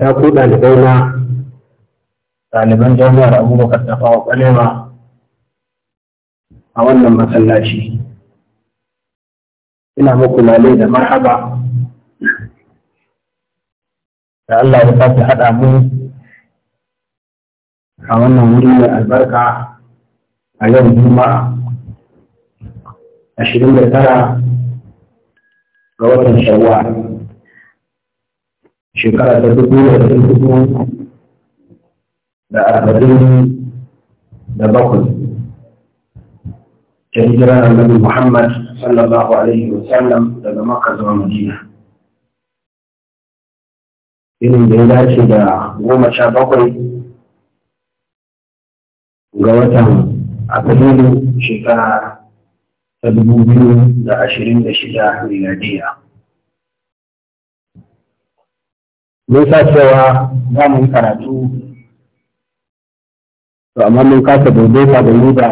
ya ku da na ɗaliban jami'ar abubakar ta fawa ƙwalewa a wannan masallaci ina muku lalai da marhaba da Allah ya sake haɗa mu a wannan wuri mai albarka a yau juma'a ashirin da tara ga watan shawwal shekara ta dubu da dubu da arba'in da bakwai ta hijira Nabi Muhammad sallallahu alaihi wa sallam daga Makka zuwa Madina. Irin da ya dace da goma sha bakwai ga watan Afrilu shekara ta dubu biyu da ashirin da shida miladiya. mun sa cewa za mu yi karatu to amma mun kasa daidaita da yi da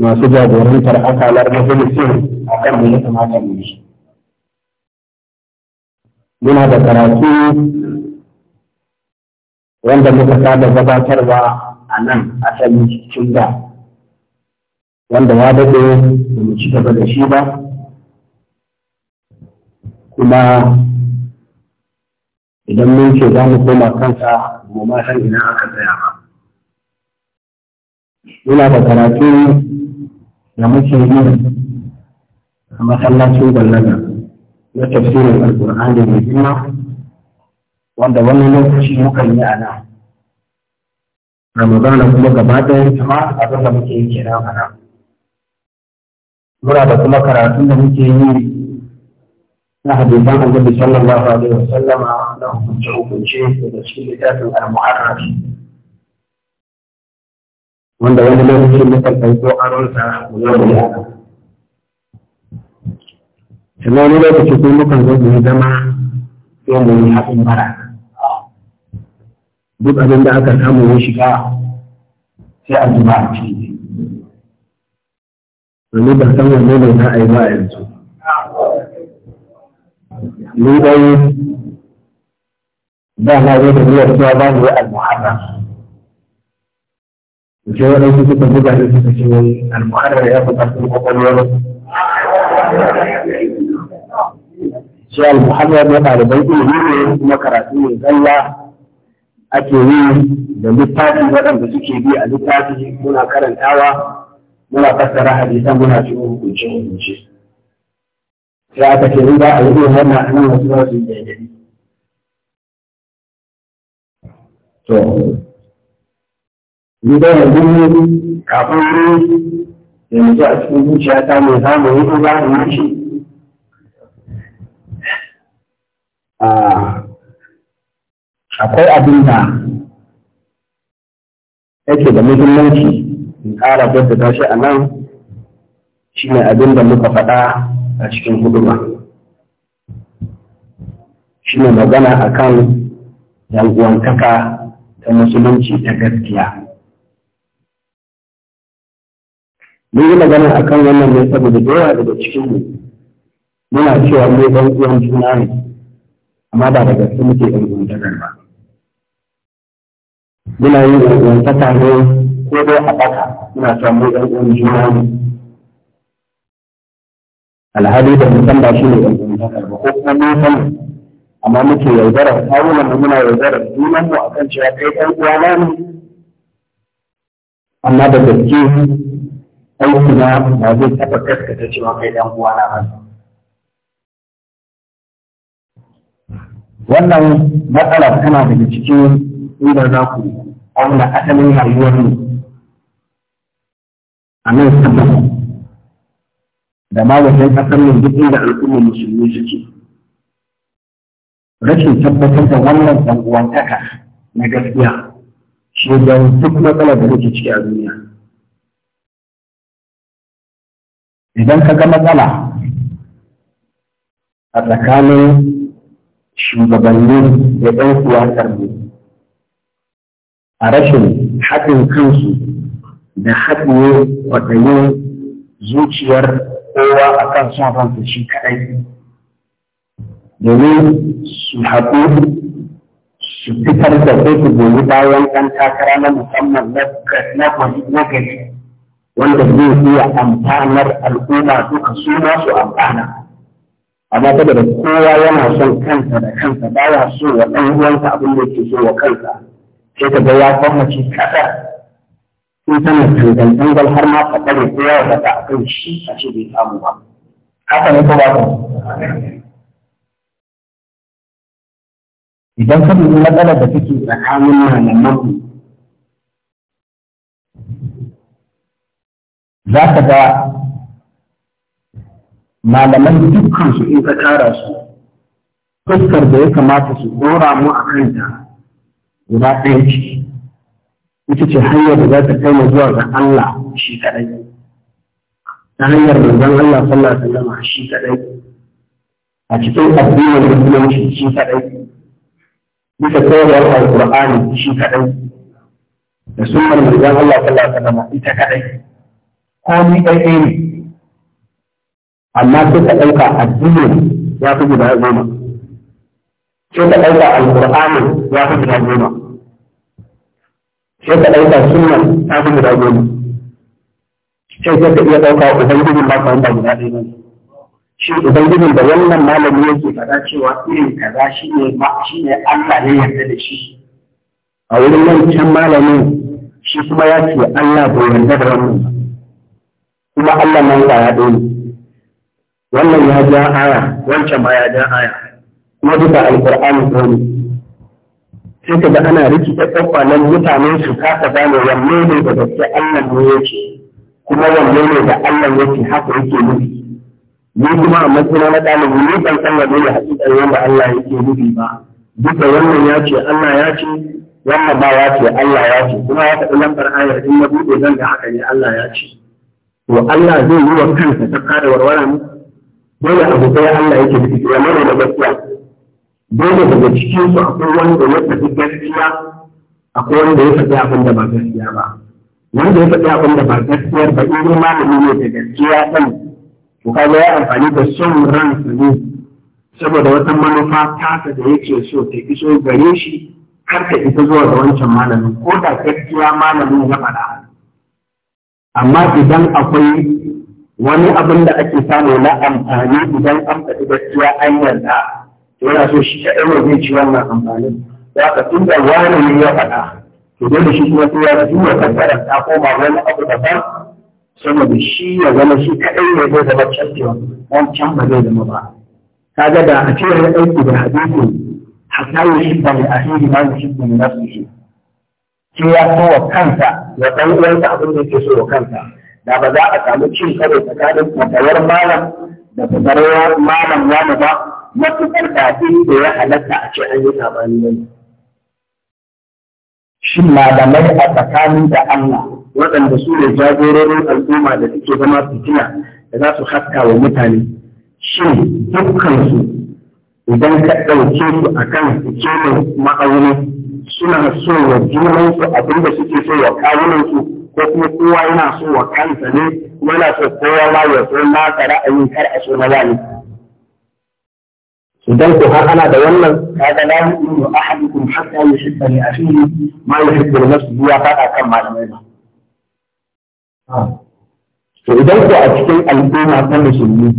masu jagorantar akalar majalisin a kan da ya kamata mu yi muna da karatu wanda muka saba gabatarwa a nan asalin cikin da wanda ya daɗe da mu ci gaba da shi ba kuma idan mun ce za mu koma kansa mu ma san ina aka tsaya ba Ina da karatu da muke yi a masallacin gwallaga na tafsirin alkur'ani mai juna. wanda wani lokaci mukan yi a nan ramadana kuma gaba ɗaya kuma abin da muke yi kenan a nan muna da kuma karatun da muke yi na hadisan annabi sallallahu alaihi wasallam na hukunce hukunce daga cikin littafin al-muharrar wanda wani lokacin mukan ko aronsa mu da da yaka wani lokaci ko mukan zo mu zama sai mu yi haɗin bara duk abin da aka samu ya shiga sai a zuba a ciki domin ba san wanne ne za a ba yanzu ni dai ba na zai tafiya cewa ba ni al-muharram ke wani su suka buga da suka ce wai al-muharram ya fi ƙarfin kwakwalwar shi al-muharram ya ɗalibai ilimi ne kuma karatu ne zalla ake yi da littafi waɗanda suke bi a littafi muna karantawa muna fassara hadisan muna cikin hukunce-hukunce. sai aka ce in a yi irin wannan anan wasu za su yi daidai to ni da yanzu kafin yanzu a cikin zuciya ta mai zamani yi za a mashi akwai abin da yake da muhimmanci in ƙara gwada tashi a nan shi ne abin da muka faɗa a cikin huduma shi ne magana a kan yanguwantaka ta musulunci ta gaskiya mun yi magana a kan wannan ne saboda yawa daga cikin muna cewa mai ɗan uwan juna ne amma ba daga su muke yanguwantakar ba muna yin yanguwantaka ne ko dai a baka muna samun ɗan uwan juna ne alhali da mutum ba shi ne ɗan ko kuma mun amma muke yaudarar kawunan mu muna yaudarar junan mu akan cewa kai ɗan uwana ne amma da gaske aiki na ba zai taɓa kaskata cewa kai ɗan uwana ba wannan matsala tana daga cikin inda za ku auna asalin rayuwar mu a nan da ma wajen kasar nan duk inda al'ummar musulmi suke rashin tabbatar da wannan dangantaka na gaskiya shi da duk matsalar da nake ciki a duniya idan ka ga matsala a tsakanin shugabannin da ɗan siyasar mu a rashin haɗin kansu da haɗin kwaɗayin zuciyar kowa a kan son ransa shi kaɗai domin su haɗu su fitar da sai su goyi bayan ɗan takara na musamman na gari wanda zai iya amfanar al'umma duka su masu amfana amma da kowa yana son kansa da kansa baya so wa ɗan uwansa abin da yake so wa kansa sai ka ga ya kwamace kaɗa sun sanar tangal dangal har ma ka tsare ko yawa daga a kan shi a ce bai samu ba. Haka ne ko ba ku? Idan ka dubi matsalar da take tsakanin malaman ku, za ka ga malaman dukkan su in ka tara su fuskar da ya kamata su dora mu a kanta guda ɗaya ce. ita ce hanyar da za ta kai mu zuwa ga Allah shi kadai ta hanyar manzon Allah sallallahu alaihi wasallam shi kadai a cikin addinin musulunci shi kadai bisa koyarwar alqur'ani shi kadai da sunnar manzon Allah sallallahu alaihi wasallam ita kadai ko ni kadai ne amma sai ka dauka addinin ya fi guda goma sai ka dauka alqur'ani ya fi guda goma sai ka ɗauka sunan ta fi guda goma sai sai ka iya ɗauka ubangijin ba kawai ba guda ɗaya ne shi ubangijin da wannan malami yake faɗa cewa irin kaza shi ne shi ne Allah ne yarda da shi a wurin nan can malamin shi kuma ya ce Allah bai yarda da wannan kuma Allah nan ba ya ɗaya wannan ya ja aya wancan ma ya ja aya kuma duka alƙur'ani ko ne sai ka ga ana rikita kwakwalan mutane su kasa gane wanne ne da gaske Allah ne yake kuma wanne ne da Allah yake haka yake nufi ni kuma a matsayin na ɗalibi ni ban san wanne ne hakikar wanda Allah yake nufi ba duka wannan ya ce Allah ya ce wannan ba ya ce Allah ya ce kuma ya faɗi lambar ayar in na buɗe zan ga haka ne Allah ya ce to Allah zai yi wa kansa ta kare warwara ne dole abu sai Allah yake nufi ya mana da gaskiya dole daga cikin su akwai wanda ya faɗi gaskiya akwai wanda ya faɗi abin da ba gaskiya ba wanda ya faɗi abin da ba gaskiyar ba in dai malami ne da gaskiya ɗin to kaga ya amfani da son ransa ne saboda wata manufa tasa da yake so ta iso gare shi kar ta isa zuwa ga wancan malamin ko da gaskiya malamin ya faɗa amma idan akwai wani abin da ake samu na amfani idan an faɗi gaskiya an yarda yana so shi kaɗai ba zai ci wannan amfanin za ka tun da wani ya faɗa to dole shi kuma sai ya duba kankarar ta koma wani abu daban saboda shi ya zama shi kaɗai ne zai zama champion wancan ba zai zama ba kaga da a ce ya aiki da hadisi hatta ya shi ba mai ahiri ma ya shi ba mai nasu sai ya wa kanta ya ɗan uwansa abin da yake so wa kanta, da ba za a samu cin karo tsakanin fatawar malam da fatawar malam wani ba matuƙar da abin da ya halatta a ce an yi sabani ne. Shi malamai a tsakanin da Allah waɗanda su ne jagororin al'umma da suke zama fitina da za su haska wa mutane. Shin dukkansu idan ka ɗauke su a kan kemar ma'auni suna so wa junansu abin da suke so wa kawunansu ko kuma kowa yana so wa kansa ne kuma yana so kowa ma ya so nasa ra'ayin kar a so na wani. idan ku har ana da wannan kaga la yu'minu ahadukum hatta yuhibba li akhihi ma yuhibbu li nafsihi ya fada kan malamai ba ah. to idan ku a cikin al'umma ta musulmi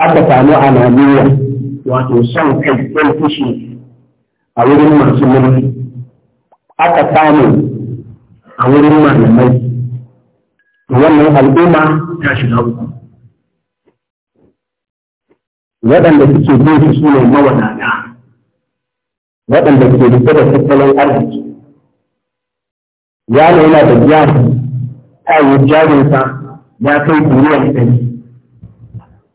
aka samu ananiya wato son kai kai fushi a wurin masu mulki aka samu a wurin malamai wannan al'umma ta shiga uku waɗanda suke bin su ne mawadata waɗanda ke rike da tattalin arziki ya nuna da jari ta yi jarinsa ya kai miliyan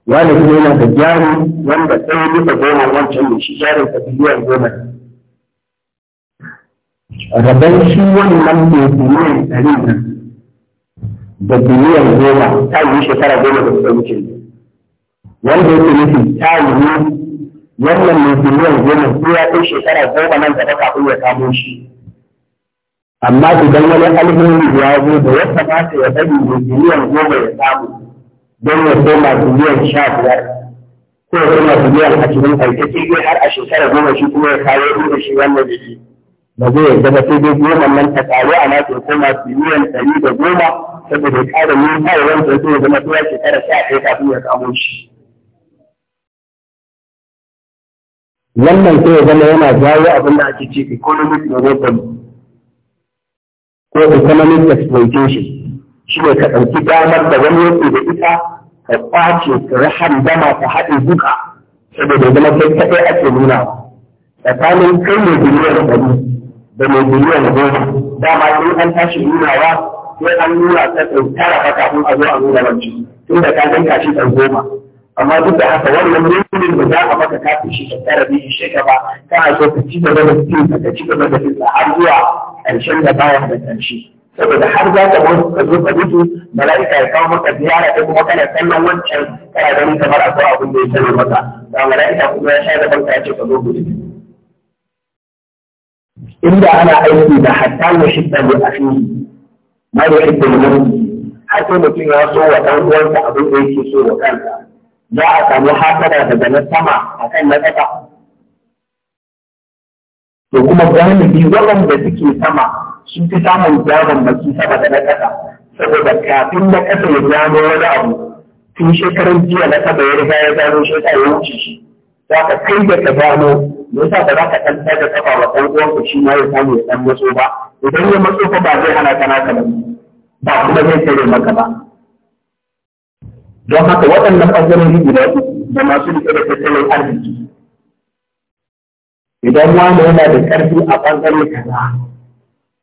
ɗari ya nuna da jari wanda ɗaya bisa goma wancan da shi jarinsa miliyan goma rabon shi wannan mai miliyan ɗari da miliyan goma ta yi shekara goma da suka wuce ne wanda yake nufi yi wannan mai biliyan goma ko ya kai shekara goma nan gaba kafin ya kamo shi amma idan wani alheri ya zo da ya kamata ya bari mai biliyan goma ya samu don ya koma biliyan sha biyar ko ya koma biliyan ashirin a ita sai har a shekara goma shi kuma ya kawo inda shi wannan jiki ba zai yarda ba sai dai goma nan ta kawo a nasu koma biliyan ɗari da goma saboda ya ƙara nuna yawan da ya zama tura shekara sha ɗaya kafin ya kamo shi. wannan sai ya zama yana jawo abin da ake ce economic monopoly ko economic exploitation shi ne ka ɗauki damar da wani yake da ita ka ƙwace rahan dama ta haɗe duka saboda zama kai kaɗai ake nuna tsakanin kai mai biliyan ɗari da mai biliyan goma dama in an tashi nunawa sai an nuna ta tara kafin a zo a nuna wancan tun da ka ganka shi ɗan goma amma duk da haka wannan yankin da za a maka kafin shi ka tsara biyu shi ka ba kana so ka ci gaba da fin ka ci gaba da fin har zuwa ƙarshen da bayan da ƙarshe saboda har za ka zo ka zo ka mutu mala'ika ya kawo maka ziyara ko kuma kana kallon wancan kana ganin kamar a kawo abin da ya sanar maka ba mala'ika kuma ya sha gaban ka ya ce ka zo gudu inda ana aiki da hatta ya shidda da afi ma da shidda da har sai mutum ya so wa ɗan uwansa abin da yake so wa kansa za a samu hasara daga na sama a kan na ƙasa. To kuma galibi waɗanda suke sama sun fi samun gyaran baki sama da na ƙasa, saboda kafin na ƙasa ya gano wani abu tun shekarun jiya na sama ya riga ya gano shekaru ya wuce shi. Za ka kai da ka gano, me yasa ba za ka ɗan da ƙafa wa ɗan uwanka shi ma ya samu ya ɗan matso ba, idan ya matso ba zai hana ka naka ba, ba kuma zai tsere maka ba. don haka waɗannan ɓangarori guda su da masu riƙe da tattalin arziki idan wani yana da ƙarfi a ɓangare kaza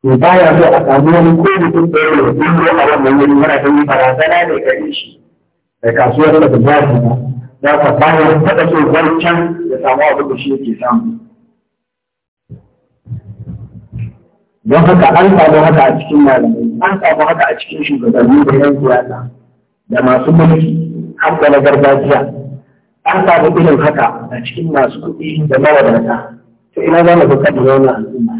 to baya so a samu wani ko mutum ya ne ɗin a wannan wuri mara ta yi barazana ne gare shi da kasuwar da ba ta ba za ka baya faɗa so wancan ya samu abin da shi yake samu don haka an samu haka a cikin malamai an samu haka a cikin shugabanni da yan siyasa da masu mulki har da na gargajiya an samu irin haka a cikin masu kuɗi da mawadata to ina za mu ga kan wannan al'umma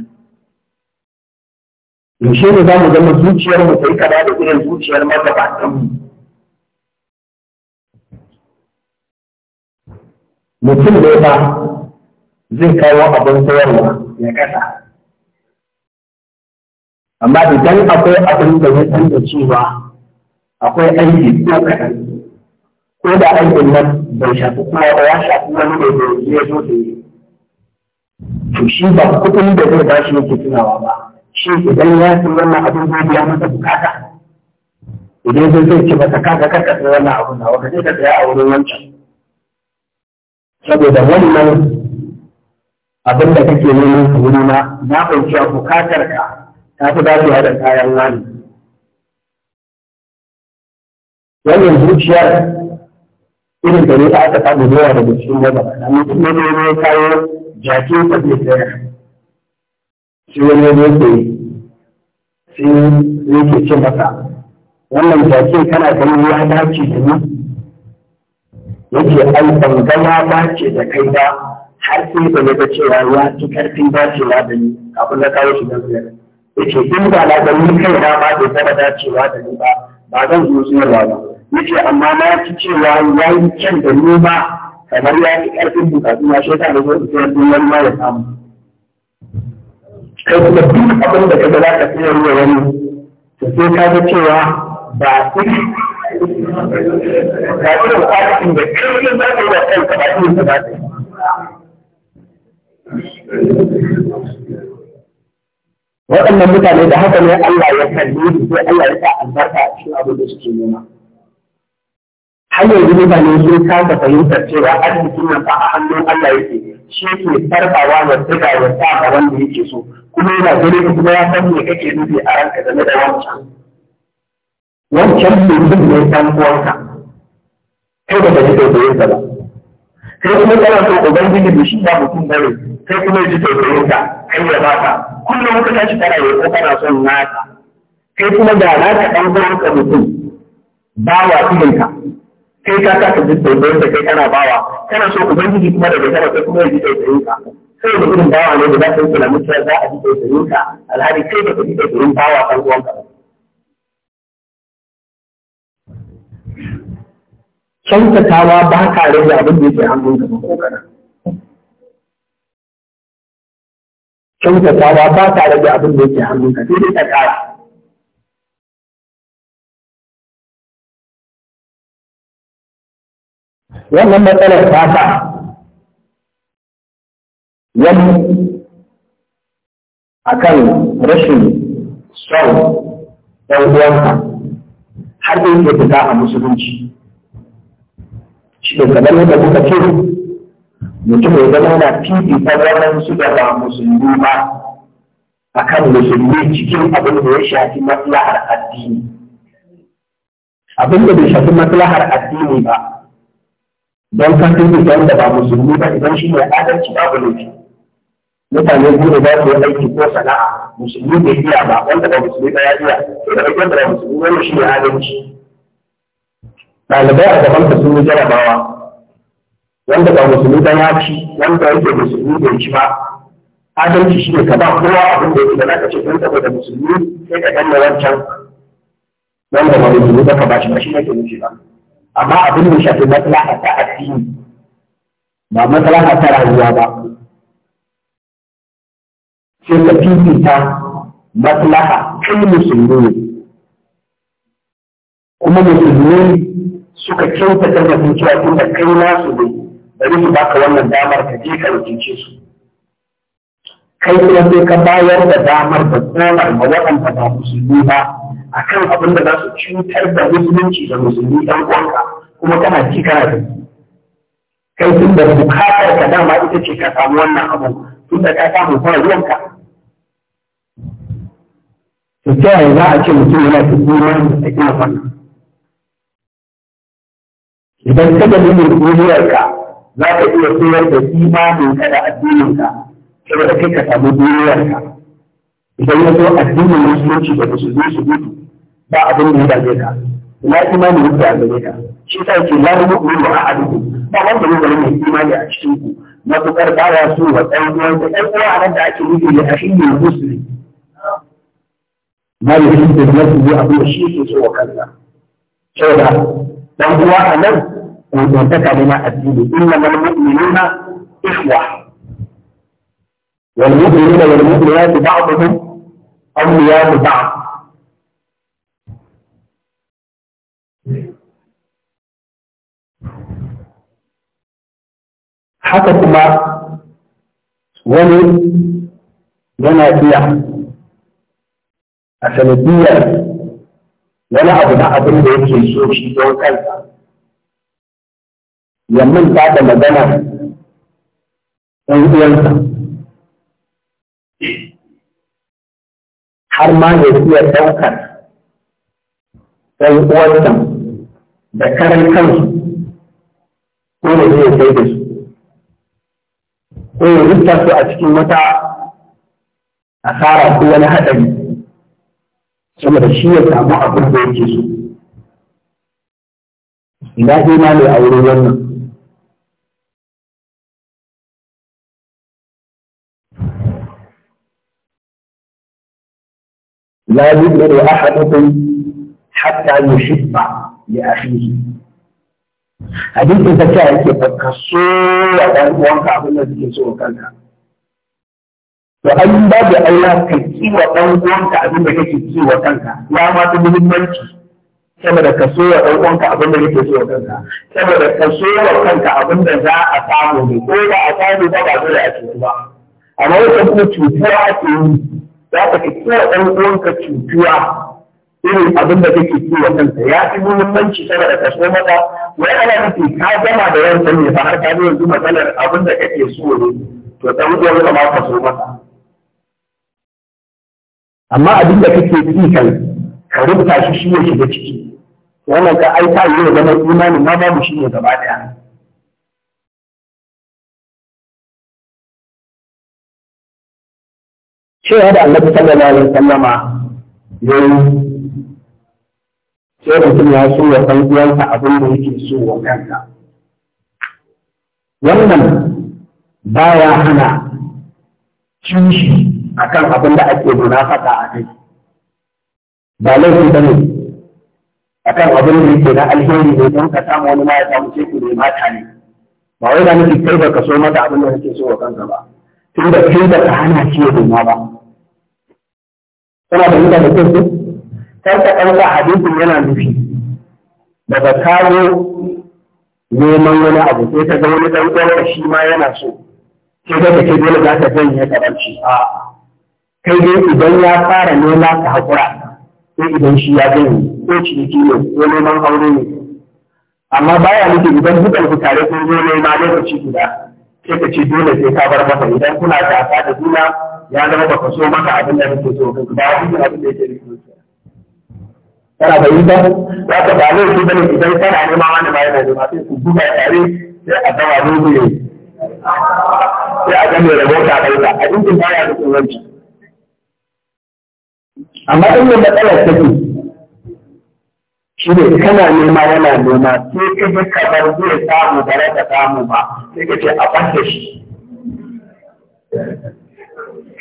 yaushe ne za mu zama zuciyar mu sai kada da irin zuciyar magabatan mu mutum ne ba zai kawo abin sayarwa ya kasa amma idan akwai abin da ya san cewa akwai aiki ko ko da aikin nan bai shafi kuma ya shafi wani da ya zo da yi to shi ba kuɗin da zai ba shi yake tunawa ba shi idan ya san wannan abin zai biya masa bukata idan zai zai ce masa kaga karka sai wannan abin na wata zai ka tsaya a wurin wancan saboda wannan abin da kake neman su wuri na na fahimci a bukatar ka ta fi dacewa da kayan wani wannan zuciyar irin da ne ta aka samu zuwa da cikin gaba na mutum ne ne ya kawo jaki ta bai tsaya shi wani ne ke shi ne ke ce masa wannan jaki kana ganin ya dace da ni yake ai ban ga ya dace da kai ba har sai da ga cewa ya ci karfin dacewa da ni kafin na kawo shi don ziyara yake in ba na ganin kai na ba bai dacewa da ni ba ba zan zo siyarwa ba yake amma ma ki cewa yi kyan da noma kamar ya fi ƙarfin bukatu na shi ta da zo ita yadda wani ma ya samu kai kuma duk abin da kaga za ka sayar da wani to sai ka ga cewa ba su ba ku da ƙarfin da ƙarfin za ka yi wa kanka ba ba waɗannan mutane da haka ne Allah ya kalli su sai Allah ya sa albarka a cikin abin da suke nema har yanzu mutane sun kasa fahimtar cewa arzikin nan fa a hannun Allah yake shi ke sarfawa da suka ya sa ga wanda yake so kuma yana gare ka kuma ya san me kake nufi a ranka game da wancan wancan mutum ne san uwanka kai ba ka da tausayin ba kai kuma kana so ubangiji da shi ba mutum bane kai kuma ji tausayin ka kai ya baka kullum ka tashi kana yi ko kana son naka kai kuma da naka dan uwanka mutum ba wa ka. kai ka kasa jin tsoron da kai kana bawa kana so ubangiji kuma daga sama sai kuma ya ji tsaye ka sai da irin bawa ne da za ka yi tunanin cewa za a ji tsaye ka alhali kai da ka ji tsaye bawa kan uwan ka kyautatawa ba ka rage abin da yake hannun ka ko kana kyautatawa ba ka rage abin da yake hannun ka sai dai ka kara wannan matsalar ta sa wani akan rashin son ɗan har da yake fita a musulunci shi da kamar yadda kuka ce mutum ya zama na fifita wannan su da ba musulmi ba akan musulmi cikin abin da ya shafi matsalar addini abin da bai shafi matsalar addini ba don kan duk da wanda ba musulmi ba idan shi ne adalci babu laifi mutane biyu za su yi aiki ko sana'a musulmi bai iya ba wanda ba musulmi ba ya iya to da kake da musulmi wannan shi ne adalci ɗalibai a gaban ka sun yi jarabawa wanda ba musulmi ba ya ci wanda yake musulmi bai ci ba adalci shi ne ka ba kowa abin da yake da zaka ce don saboda musulmi sai ka danna wancan wanda ba musulmi ba ka ba shi ba shi ne ke nufi ba amma abin da shafi maslaha ta addini ba maslaha ta rayuwa ba sai ka fifita maslaha kai musulmi ne kuma musulmi suka kyautata da cewa tun da kai nasu ne bari su baka wannan damar ka je ka rikice su kai kuma sai ka bayar da damar da tsorar ma waɗanda ba musulmi ba a kan abin da za su cutar da musulunci da musulmi ɗan uwanka kuma kana ji kana da kai tun da bukatar ka dama ita ce ka samu wannan abu tun da ka samu fara ruwanka. To ta yaya za a ce mutum yana da tsoron da ta gina wannan. Idan ka da nuna ka za ka iya tsorar da imaninka da addininka saboda kai ka samu duniyarka idan ya zo addinin musulunci da musulmi su gudu ba abin da ya dame ka la imani yadda ya gare ka shi sa yake la mu'minu wa ahaduhu ba wanda ne zama mai imani a cikin ku matukar ba ya so wa ɗan uwan da ɗan uwa a nan da ake nufi da ahiyyu musulmi ma da shi da nasu ne abin da shi ke so wa kansa saboda ɗan uwa a nan ko don ta kalima addini inna mal mu'minuna ikhwa والمجرمين والمجرمات بعضهم أولياء بعض حتى كما ومن جنابية أسندية لنا أبناء أبناء أبناء أبناء أبناء أبناء أبناء أبناء أبناء أبناء أبناء أبناء har ma ya iya ɗaukar ɗan uwansa da karan kansu ko da zai sai da su ko ya rufta su a cikin wata asara ko wani haɗari saboda shi ya samu abin da yake so ina ina ne a wurin wannan لا يؤمن أحدكم حتى يحب لأخيه hadisin ta ce yake baka so wa ɗan uwanka abin da suke so kanka to an ba da aula ka ki wa ɗan uwanka abin da kake ki wa kanka ya ma ta muhimmanci saboda ka so wa ɗan uwanka abin da kake so kanka saboda ka so wa kanka abin da za a samu ko a a ba cutuwa za ka fi kowa ɗan uwanka cutuwa irin abin da kake ci wa kanka ya fi muhimmanci sama da kaso mata wai ana nufi ka gama da yansan ne ba har ka zo yanzu matsalar abin da kake so ne to ɗan uwanka ma kaso mata amma abin da kake ci kan ka rubuta shi shi ya shiga ciki wannan ka aika yi da zaman imanin ma babu shi ne gaba ɗaya cewa da annabi sallallahu alaihi wasallama yayi sai mutum ya so ya san uwansa abin da yake so wa kanka. wannan baya hana kishi akan abin da ake munafaka a kai ba laifi ba ne akan abin da yake na alheri ne don ka samu wani ma ya samu sai ku ne mata ne ba wai da nake kai ba ka so mata abin da yake so wa kanka ba tun da kai ba ka hana shi da nema ba kuma da mutum da kyau kar ka ɗauka hadisin yana nufi daga kawo neman wani abu sai ka ga wani ɗan uwanka shi ma yana so sai da kake dole za ka janye karanci a kai dai idan ya fara nema ka haƙura sai idan shi ya gani, ko ciniki ne ko neman aure ne amma baya nufin idan dukan ku tare kun zo nema lokaci guda sai ka ce dole sai ka bar masa idan kuna gasa da juna ya zama ba so maka abin da kake so ka ba abin da yake nufi kana fahimta za ka ba zai su bane idan kana nema wani ma yana nema sai ku buga tare sai a dawa dogo ne sai a gane rabota a ɗauka a ɗinkin baya da tsoronci amma in ne matsalar take shi ne kana nema yana nema sai ka ji kamar zai samu ba za ka samu ba sai ka ce a ɓace shi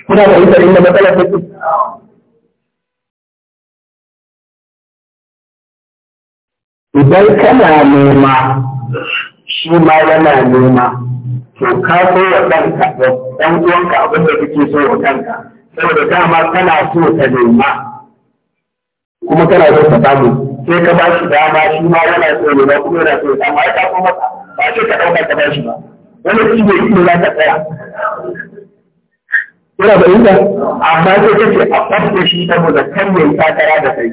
kuna da ita inda matsalar take idan kana nema shi ma yana nema to ka so wa ɗanka da ɗan uwanka abin da kake so wa ɗanka saboda dama kana so ka nema kuma kana so ka samu sai ka ba shi dama shi ma yana so ne ba kuma yana so ya samu ai ka so masa ba ce ka ɗauka ka ba shi ba wani shi ne za ka tsaya Kuna fahimta? Amma sai ta ce a ɓadda shi ta muzakkar ta takara da kai.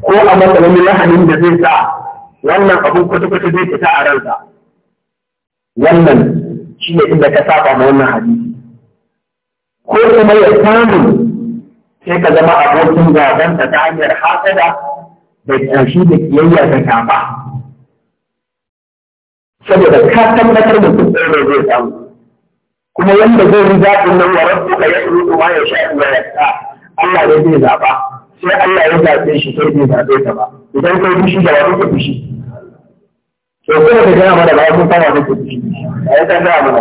Ko a matsalin lahanin da zai sa wannan abin kwata-kwata zai fita a ransa. Wannan shi ne inda ka saba ma wannan hadisi. Ko kuma ya samu sai ka zama abokin gaban ta hanyar hasada da shi da kiyayya ta kafa. Saboda ka tabbatar da kuɗin da zai samu. kuma wanda zai yi zaɓin nan wa rabu ka yi rudu ma ya sha'i wa yasta Allah ya zai zaɓa sai Allah ya zaɓe shi sai bai zaɓe ta ba idan kai fushi da wani ka fushi to kuma ka gina mana ba kun fara da ka fushi a yi san gaya mana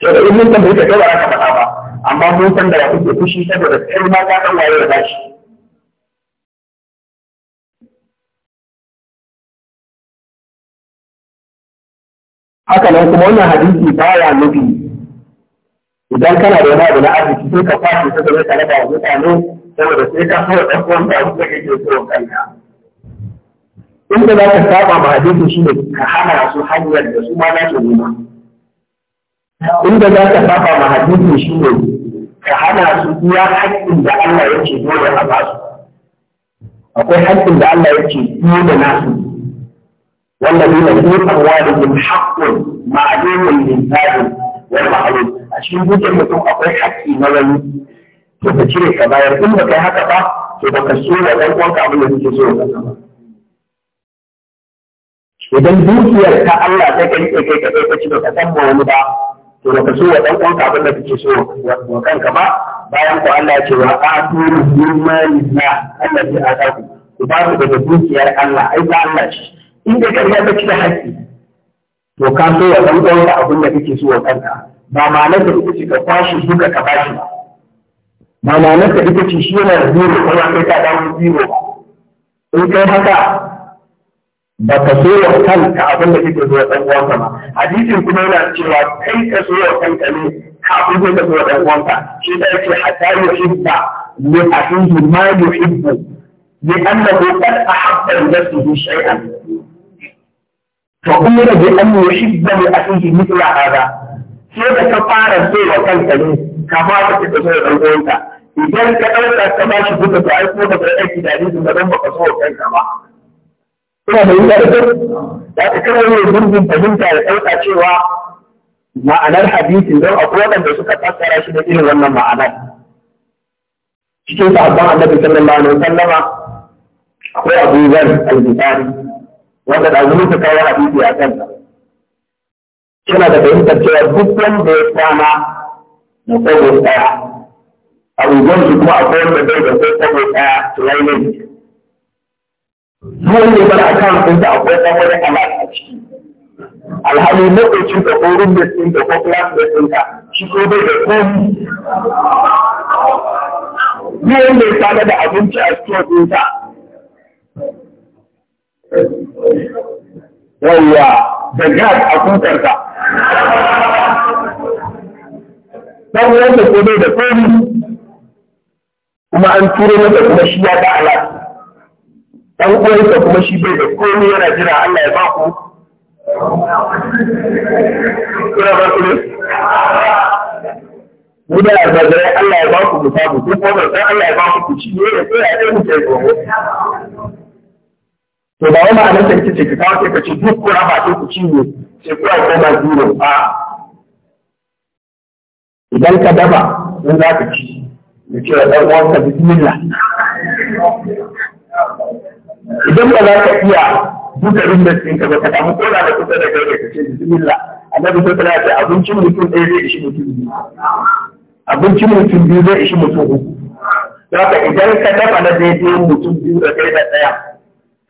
to da ibn tambayi ka gaba ba ka faɗa ba amma mun san da ya kuke fushi saboda kai ma ka san waye ya tashi haka nan kuma wannan hadisi baya nufi idan kana da wani abu na arziki sai ka fashe ta zama tare da mutane saboda sai ka fara ɗan uwan da abin da ke tsoron kanka inda za ka saba ma hadisi shi ne ka hana su hanyar da su ma za su nema inda za ka saba ma hadisi shi ne ka hana su iya haƙƙin da Allah ya ce dole a ba su akwai haƙƙin da Allah ya ce dole na su والذين في أموالهم حق معلوم للإنسان والمعلوم عشان يمكن mutum akwai haƙƙi na wani to ka cire ka bayar in ba kai haka ba to ba so da ɗan abin da kake so ka sama idan dukiyar ta Allah sai ka rike ka kai ka ci ba to ba so da ɗan abin da kake so wa kanka ba bayan Allah ya ce wa atu min mali na Allah ya ku ku ba daga dukiyar Allah ai ta Allah ce in ka karya ta cika haƙƙi to ka so wa ɗan ɗanka abin da kake so wa kanka ba ma'anar da ita ce ka kwashe duka ka bashi ba ba ma'anar da ita ce shi yana zero kuma kai ka dawo zero ba in kai haka ba ka so wa kanka abin da kake so wa ɗan uwanka ba hadisin kuma yana cewa kai ka so wa kanka ne kafin kai ka so wa ɗan uwanka shi da yake hatta yuhibba li ahihi ma yuhibbu لأنه قد أحب نفسه شيئا فأمر بأن يحب لأخيه مثل هذا sai da ka fara so wa kanka ne ka fara ka so da ɗan'uwanka idan ka ɗauka ka bashi shi duka to ai ko ba kai aiki da hadisin ba dan ba ka so wa ina da yiwuwa da da ka kira ne gurbin fahimta da ɗauka cewa ma'anar hadisin don akwai waɗanda suka fassara shi da irin wannan ma'anar cikin sahabban annabi sallallahu alaihi wasallama akwai Abu Zar al-Bukhari wanda da zuwa ta kawo hadisi a kanta yana da fahimtar cewa duk wanda ya kwana na kogo ɗaya a unguwar shi kuma akwai wanda bai da sai kogo daya to yayi ne mun ne bar akan sun da akwai dan wani alaƙa a ciki alhali makwacin ta ko rumbus sun ka ko class da ɗin ka shi ko bai da komi ne wanda ya kwana da abinci a cikin ɗin yawwa da gas a kutarsa dan wanda ko da tsari kuma an turo masa kuma shi ya ga alaƙa dan uwansa kuma shi bai da komai yana jira Allah ya ba ku kuna ba ku ne mu da almajirai Allah ya ba ku mu samu duk wanda dan Allah ya ba ku ku ci ne da sai a yi mu kai to ba wani ma'anar da ita ce ka kawo ka ce duk kura ba ku ciwo sai kura ko ma zero a idan ka daba in za ka ci da ce wa ɗan uwanka bismillah idan ba za ka iya duka rin da sinka ba ka samu kola da kusa da kai ka ce bismillah annabi sai kana ce abincin mutum ɗaya zai ishi mutum biyu abincin mutum biyu zai ishi mutum uku za ka idan ka daba na daidai mutum biyu da kai da ɗaya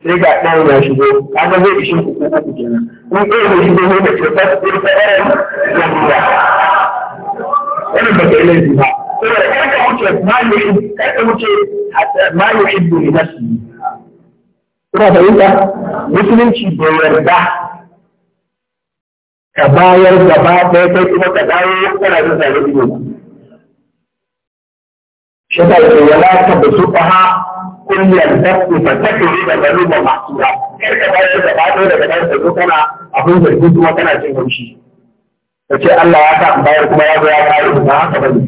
sai ga ɗan ya shigo kaga zai ishin ku ko ku kenan in ɗaya da ne da cutar ɗaya ta ɗayan ya duba wannan ba ba kar ka wuce ma ne kar ka wuce ma ne ibnu nafsi kuna fahimta musulunci bai yarda ka bayar gaba ɗaya kai kuma ka dawo kana da zalunci ne shi ta yi wala ta basu ɗaha kullum dabbu ba ta kai da gano ba masu ba kar ka bayar da gado daga dan ka zo kana abin zargi kuma kana cin haushi ka ce Allah ya sa bayar kuma ya zo ya kare ba haka ba ne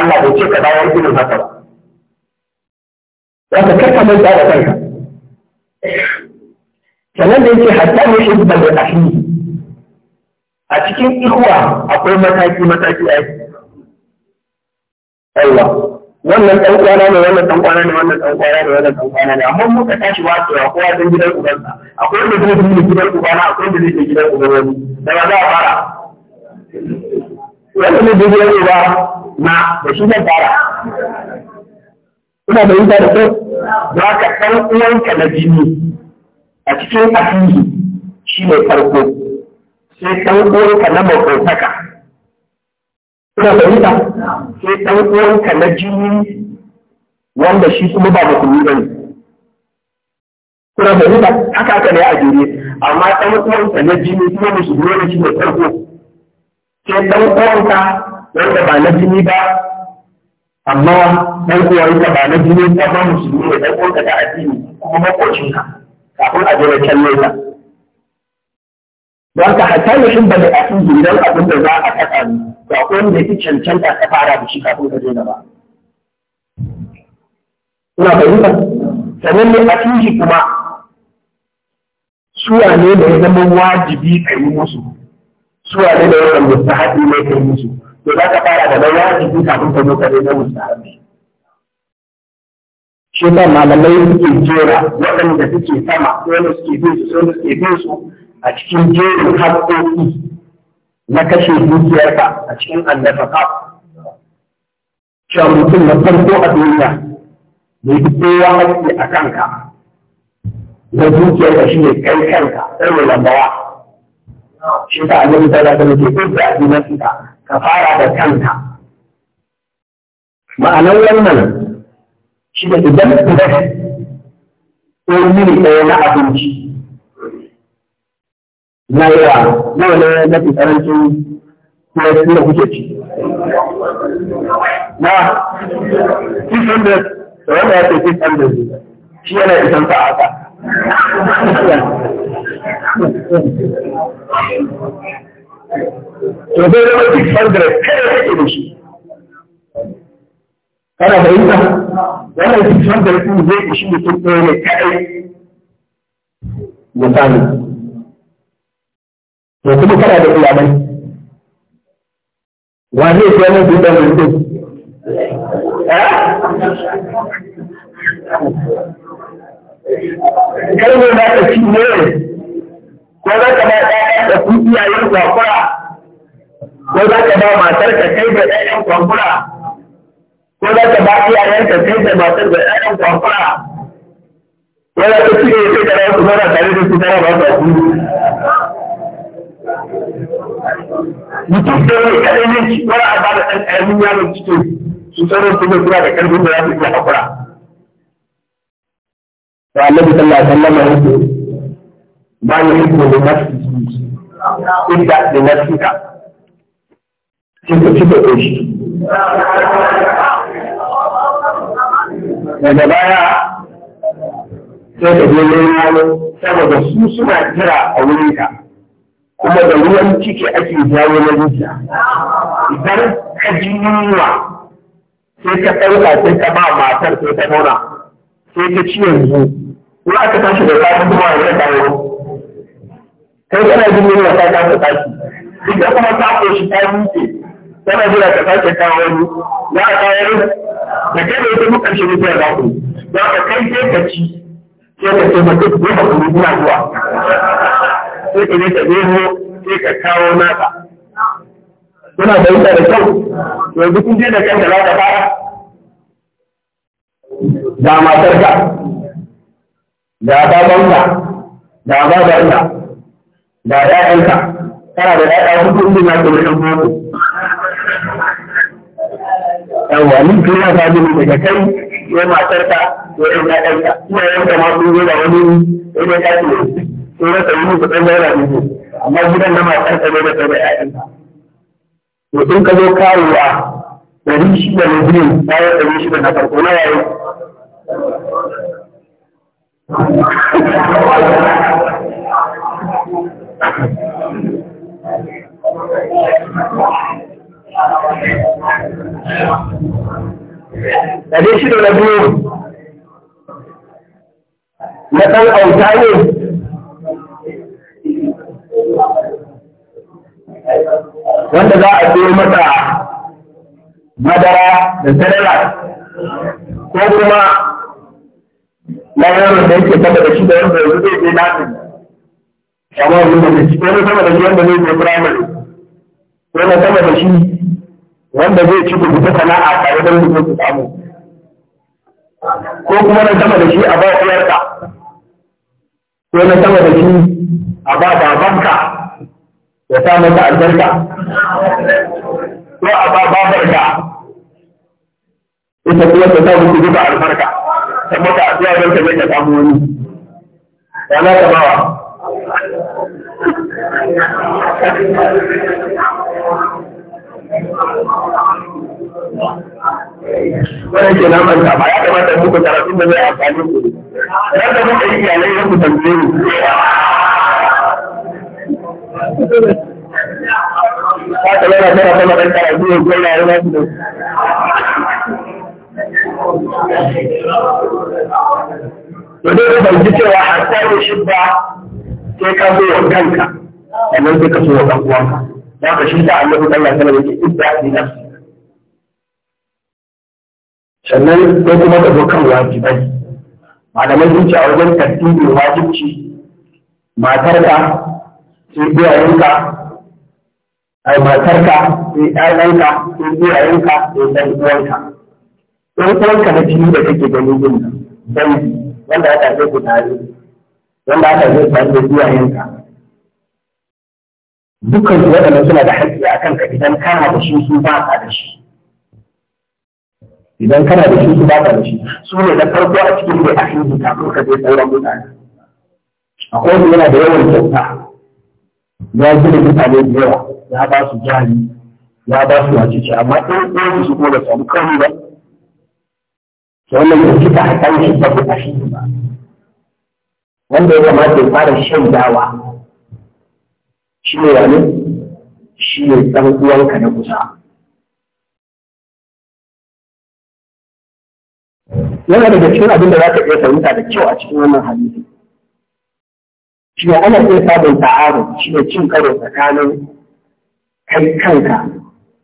Allah bai ce ka bayar irin haka ba wanda kar ka manta da kanka sannan da yake hatta mu shi da ahihi a cikin ihuwa akwai mataki mataki a Allah wannan ɗan kwana ne wannan ɗan kwana ne wannan ɗan kwana ne wannan ɗan kwana ne amma muka tashi wa ya kowa dan gidan ubansa akwai wanda zai je gidan ubana akwai wanda zai je gidan uban da ba za a fara wanda zai je gidan uba na da shi zan fara kuna da ta da kyau za ka ɗan uwanka na jini a cikin asiri shi ne farko sai ɗan uwanka na mabautaka Kuna fahimta? Sai ɗan uwanka na jini wanda shi kuma ba da ba ne. Kuna fahimta? Haka haka ne a jere. Amma ɗan uwanka na jini kuma musulmi ne shi ne farko. Sai ɗan uwanka wanda ba na jini ba amma ɗan uwanka ba na jini ba musulmi ne ɗan uwanka da addini kuma makocinka kafin a jere can ka. don ka hata ne shin bane a cikin gidan abin da za a kasa ne to akwai wanda yake cancanta ka fara da shi kafin ka je ba ina fahimta sanin ne a cikin kuma suwa ne da ya zama wajibi ka yi musu suwa ne da ya zama mustahabi ne ka yi musu to za ka fara da na wajibi kafin ka zo ka je na mustahabi shi ba malamai suke jera waɗanda suke sama wani suke bin su wani suke bin su a cikin jerin haƙoƙi na kashe dukiyarka a cikin annafaka cewa mutum na farko a duniya mai fi kowa haƙƙi a kanka na da shi ne kai kanka ɗaure lambawa shi ta annabi ta zata mace ko da addininka ka fara da kanka ma'anar wannan shi da idan da ko mini ɗaya na abinci Na naira nawa ne na mafi karancin kuma da kuma kuke ci na 600 da wanda ya ce 600 shi yana isan sa haka to zai zama 600 kada kake da shi kana fahimta wannan 600 zai ishi mutum ɗaya ne kaɗai misali to kuma kana da iyalai wa zai kai mun duk da mun duk eh? kai ne na ka ci ne ko za ka ba ɗaya da ku iyayen kwakwara ko za ka ba matar ka kai da ɗayan kwakwara ko za ka ba iyayen ka kai da matar da ɗayan kwakwara ko za ka ci ne kai da ɗayan kwakwara tare da su tara ba ta kuma mutum da wani kaɗai ne a bada ɗan ƙaramin yaron cikin su su da ƙarfin da za su haƙura. Allah ya ce da da sai ka ci da ƙoshi. Daga baya sai saboda su suna jira a wurinka. kuma da ruwan ciki ake jawo na rijiya idan ka ji yunwa sai ka ɗauka sai ka ba matar sai ta nuna sai ka ci yanzu ko aka tashi da zafin kuma ya kawo kai kana jin yunwa ta kasa tashi duk kuma ta koshi ta wuce tana jira ka sake kawo wani za a kawo da kai da ita mukan shi mutuwar da ku za ka kai sai ka ci sai ka ce mutum ne ba ku zuwa sai ka je ka nemo sai ka kawo naka kuna da wuta da kyau yanzu kun je da kan da za fara da matarka da babanka da babanka da ƴaƴanka kana da ƴaƴa hukun din na kuma ɗan mako yawwa ni kuma ka ji mu daga kai ya matarka ya ƴaƴanka kuma yanka ma sun zo da wani wani ɗaki ko na tsaye muku ɗan naira dubu amma gidan na matan ka ne da tsaye ƴaƴan ka to in ka zo kawowa ɗari da na biyu bayan shi shida na farko na yayi Ɗari shida na biyu na ɗan auta ne wanda za a ce mata madara da sarara ko kuma na yaron da yake sama da shi da yanzu yanzu zai je nasu amma wani da shi na sama da shi wanda zai je firamare na sama da shi wanda zai ci rubuta sana'a tare da wani zai samu ko kuma na sama da shi a ba uwarka ko na sama da shi a ba banka ya sa mata albarka ko a ba babarka ita kuma ta sa muku duka albarka ta mata a don ta mai ta samu wani na ta bawa wannan ke naman ta ba ya kamata muku tarafin da zai amfani ku. Nan da muka yi iyalai ya ku tambaye mu. Haka yana tana sama ɗan ji cewa hatta da ba sai ka zo wa kanka, sannan sai ka wa Za ka shi ta Allah sallallahu alaihi wasallam yake idda ni Sannan sai kuma ka zo kan wajibai. Malamai sun ce a wajen tartibin wajibci matarka sai iyayenka ai matarka sai ƴaƴanka sai iyayenka sai ɗan ɗan uwanka na biyu da kake ganin yin dan wanda aka zai ku tare wanda aka zai tare da iyayenka dukkan su waɗanda suna da haƙƙi a kanka idan kana da shi su ba ka da shi idan kana da shi su ba ka da shi su ne da farko a cikin da aka yi kafin ka je sauran mutane A wanda yana da yawan kyauta ya gina mutane da yawa ya ba su jari ya ba su ce amma ɗan ɗan su ko da samu kawai ba to wannan ya ci ta ɗan shi ba a shi ba wanda ya kamata ya fara shan dawa shi ne yanzu shi ne ɗan uwanka na kusa yana daga cikin abin da za ka iya fahimta da kyau a cikin wannan hadisi shi ne ana iya samun ta'arun shi ne cin karo tsakanin kai kanka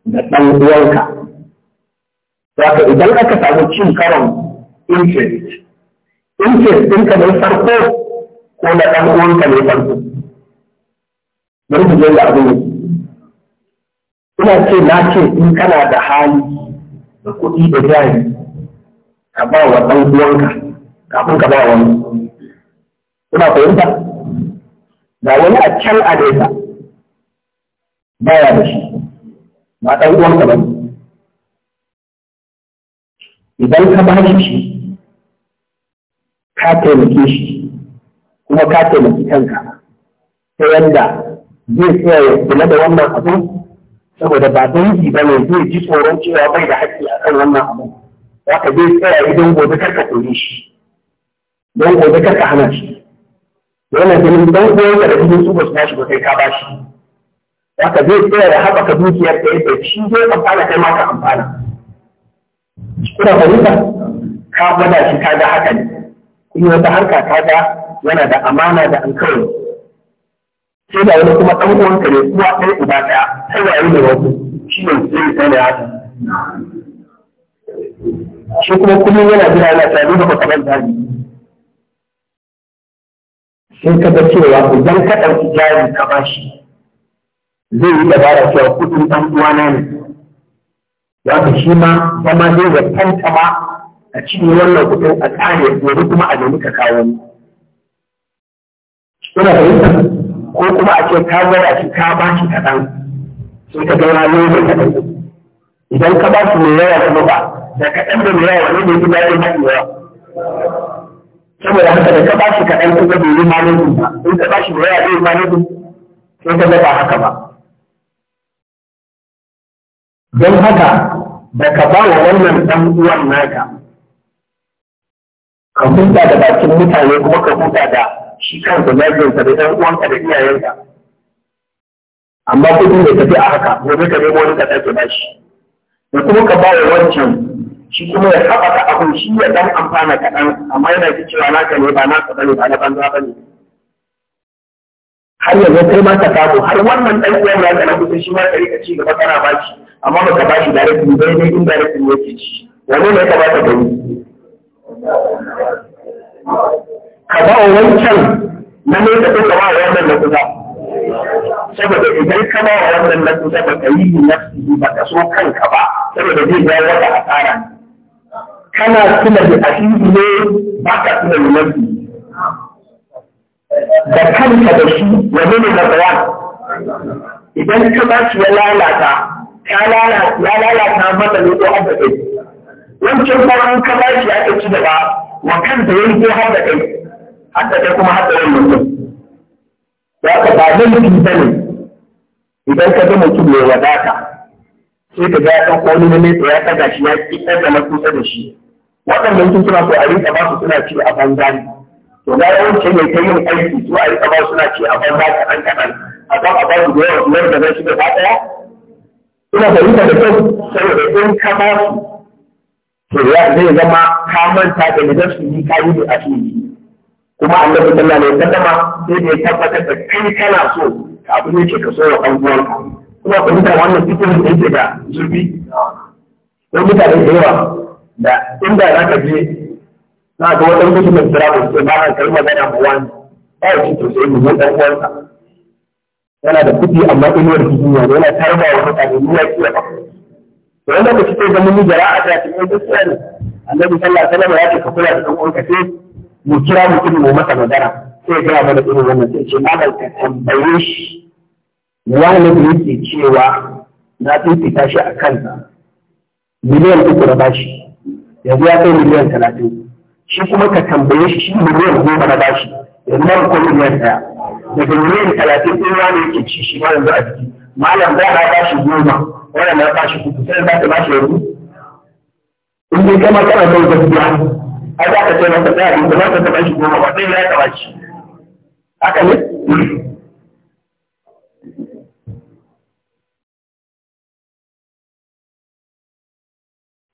da ɗan uwanka Wato idan aka samu cin karon interest interest ɗinka ne farko ko na ɗan uwanka ne farko bari mu je da abin ina ce na ce in kana da hali da kuɗi da jari ka ba wa ɗan uwanka kafin ka ba wani ina fahimta ga wani a can a nesa baya da shi ba ɗan ka ba idan ka ba shi ka taimake shi kuma ka taimaki kanka ta yadda zai tsaya ya kula da wannan abu saboda ba dangi ba ne zai ji tsoron cewa bai da haƙƙi a kan wannan abu za ka zai tsaya idan gobe karka kore shi don gobe karka hana shi yana ganin dan ka da cikin su ba su tashi ba kai ka bashi haka zai tsaya da haɓaka dukiyar ka yadda shi zai amfana kai ma ka amfana kuna fahimta ka gwada shi ka ga haka ne kuma wata harka ka ga yana da amana da alkawari sai da wani kuma ɗan uwanka ne kuma ɗaya uba ɗaya sai da yayi da wasu shi ne zai tsaya da haka shi kuma kullum yana jira yana tsaya da kwakwalwar sun ka ga cewa idan ka ɗauki jari ka bashi zai yi dabara cewa kuɗin ɗan uwana ne za ka shi ma zama zai ga ba a cikin wannan kuɗin a ƙare gobe kuma a nemi ka kawo ni. Ina fahimta ko kuma a ce ka gwada shi ka bashi kaɗan sai ka gaura ne mai kaɗan. Idan ka bashi mai yawa kuma ba da kaɗan da mai yawa ne mai gida ɗin haɗewa. saboda haka da ka ba shi kaɗan kuma bai yi malamin ba in ka ba shi ba ya yi malamin, sai ka zaba haka ba don haka da ka ba wa wannan ɗan uwan naka ka huta da bakin mutane kuma ka huta da shi kansa lafiyarsa da ɗan uwanka da iyayenka amma kudin da tafi a haka gobe ka nemo wani ka ke ba shi da kuma ka ba wa wancan shi kuma ya haɓaka abin shi ya ɗan amfana kaɗan amma yana ji cewa naka ne ba naka ne ba na banza ba ne." har yanzu kai ma ka samu har wannan ɗan uwan na na kusa shi ma ka rika ci gaba kana ba shi amma ka ba shi dare kuma dai dai indirect ne yake ci Wani ne ka ba ka gani ka ba wancan na ne ka ɗauka ba wannan na kusa saboda idan ka ba wa wannan na kusa ba ka yi nafsi ba ka so kanka ba saboda zai ga wata asara kana tuna da asiri ne ba ka tuna da nabi da kanka da shi wani ne na bayan idan ka ba shi ya lalata ya lalata mata ne ko haɗa kai wancan ba ka ba shi ya ɗauki gaba wa kanta ya yi ko haɗa kai haɗa kai kuma hada wani mutum ya ka ba nan ba ne idan ka ga mutum mai wadata sai ka ga ɗan wani na ya ɗaga shi ya ƙi ɗan na kusa da shi waɗannan sun suna so a rinka ba su suna ci a banza ne to na yawancin mai ta yin aiki su a rinka ba su suna ci a banza kaɗan kaɗan a kan a ba su da yawa biyar da zai shiga ɗaya ina fahimta da kyau saboda in ka ba su to ya zai zama ka manta da idan su yi kayi da ake yi kuma annabi sallallahu alaihi wasallam sai da ya tabbatar da kai kana so ka abin yake ka so wa ɗan uwanka kuma fahimtar wannan cikin da yake da zurfi don mutane da yawa da inda za ka je za ga wajen kusur da tsira ba sai ba ka kalmar magana ba wani ba ya ci to sai mu dan uwansa yana da kuɗi amma inuwa da cikin yanzu yana tarba wa mutane ni ya kira ba to wanda ka cike ga mun jara'a ta cikin eh, gaskiya ne annabi sallallahu alaihi wasallam ya ce ka kula da dan uwanka sai mu kira mutum mu masa magana sai ya gaya mana irin wannan sai ce ma ka tambaye shi wani da yake cewa na fifita shi a kansa miliyan uku na bashi yanzu ya kai miliyan talatin shi kuma ka tambaye shi shi miliyan goma na bashi yanzu na rukun miliyan ɗaya daga miliyan talatin ɗin wani yake ci shi ma yanzu a jiki? malam ba na bashi goma wani na bashi kuku sai za ka bashi yanzu in dai kama kana son gaskiya ai za ka ce masa tsaya ɗin ba za ka taɓa shi goma ba sai ya taɓa shi haka ne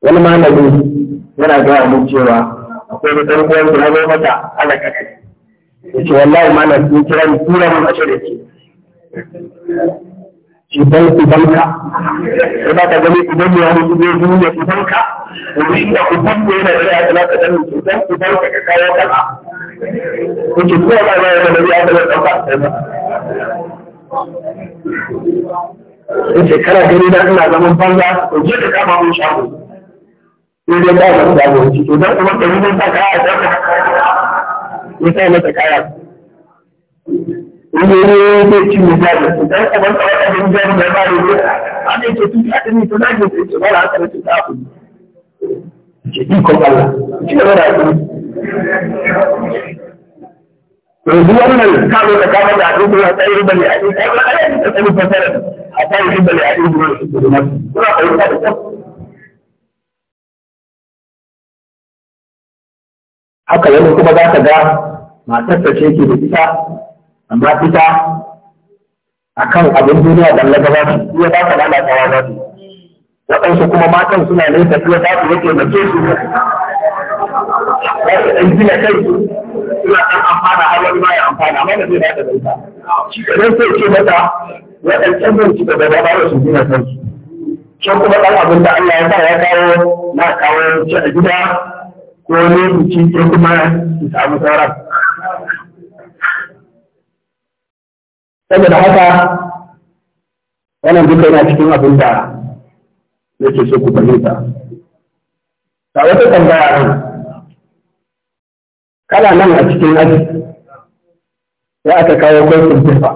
wani malami yana gaya mun cewa akwai wani ɗan uwan da zo mata ana kaka ya ce wallahi malam sun kira ni tura mun ashe da ke idan ubanka ya ba ka gani idan ya mutu zai zo ne ubanka wani inda ubanka yana da ya tsala ka dani idan ubanka ka kawo kala kuke ko ba ba ya da ya da ɗauka in shekara gani na ina zaman banza ko je ka kama mun shago sai dai ba su jagoranci to dan kuma ɗari ne ba kaya da ya sa masa kaya wani ne ya ce mu jagoranci dan kuma tsawon abin jagoranci ba ne an yi ke tuki haɗin to na ke tsaye ba na haka da tuka abu ke ikon Allah shi ne ba na yanzu wannan kano da kama da abin da tsayi riba ne a cikin ayyukan da tsayi fasara a tsayi riba ne a cikin gudunar su gudunar suna fahimta da kyau haka yanzu kuma za ka ga matarsa ce ke da ita amma ita a kan abin duniya dan na gaba su iya za ka lalatawa za su waɗansu kuma matan suna ne tafiya za su yake ke su za su ɗan gina kai suna ɗan amfana har wani bayan amfana amma da zai ba ta da ita don sai ce mata waɗancan zan ci gaba da ba su gina kansu can kuma ɗan abin da Allah ya sa ya kawo na kawo shi a gida ko wani rubuci ko kuma su samu sauran saboda haka wannan duka yana cikin abin da nake so ku fahimta ga wata tambaya nan kana nan a cikin aji sai aka kawo kwaikin tufa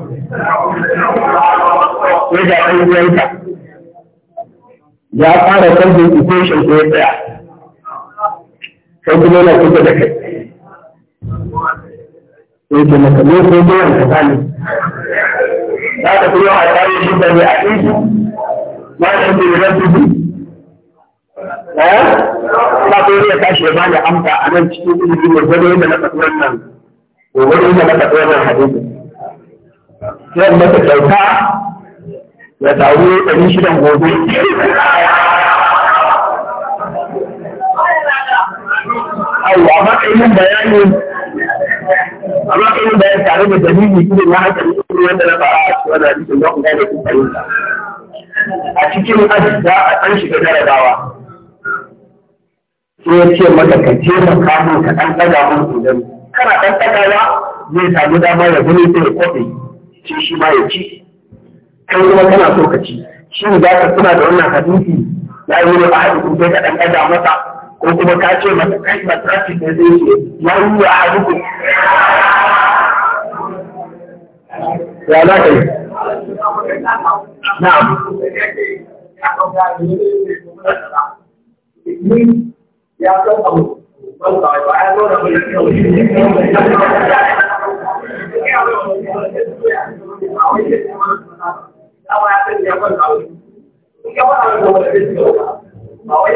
sai ga ɗan uwanka ya fara kwaikin equation ko ya tsaya sai kuma yana kusa da kai sai ke maka ko ba ka sani za ka kuma a tsari shi da ne a ɗinsu ma shi ne eh? ran tudu ba ko ya tashi ya bani amsa a nan cikin ilimin da gwada yadda na faɗi wannan gobe yadda na faɗi wannan hadisi sai masa kyauta ya samu ɗari shidan gobe awo a matsayin bayan tare da dalili shi ne na da na fara a cikin wannan hadisin a cikin aji za a san shiga jarabawa sai ce mata ka ka ɗan ɗaga kana ɗan zai kofi shi ya ci kai kuma kana so ka ci shi za ka suna da wannan hadisi ya yi wani ahadi ka ɗan ɗaga masa ko kuma ka ce mata kai ba traffic da zai ce ya ruwa a ya za ka yi na'am ya san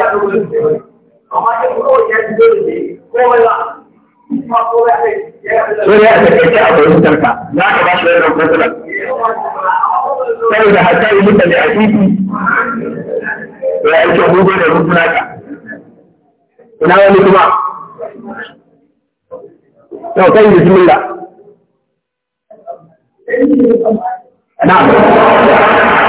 ya da amma da kuma ya ji dole ne komai ba kuma ko ya kai so ya kai ka a fahimtar ka za ka ba shi wannan matsalar saboda hatta yi mutane a titi ya yi da ka ina wani kuma yau kai bismillah na'am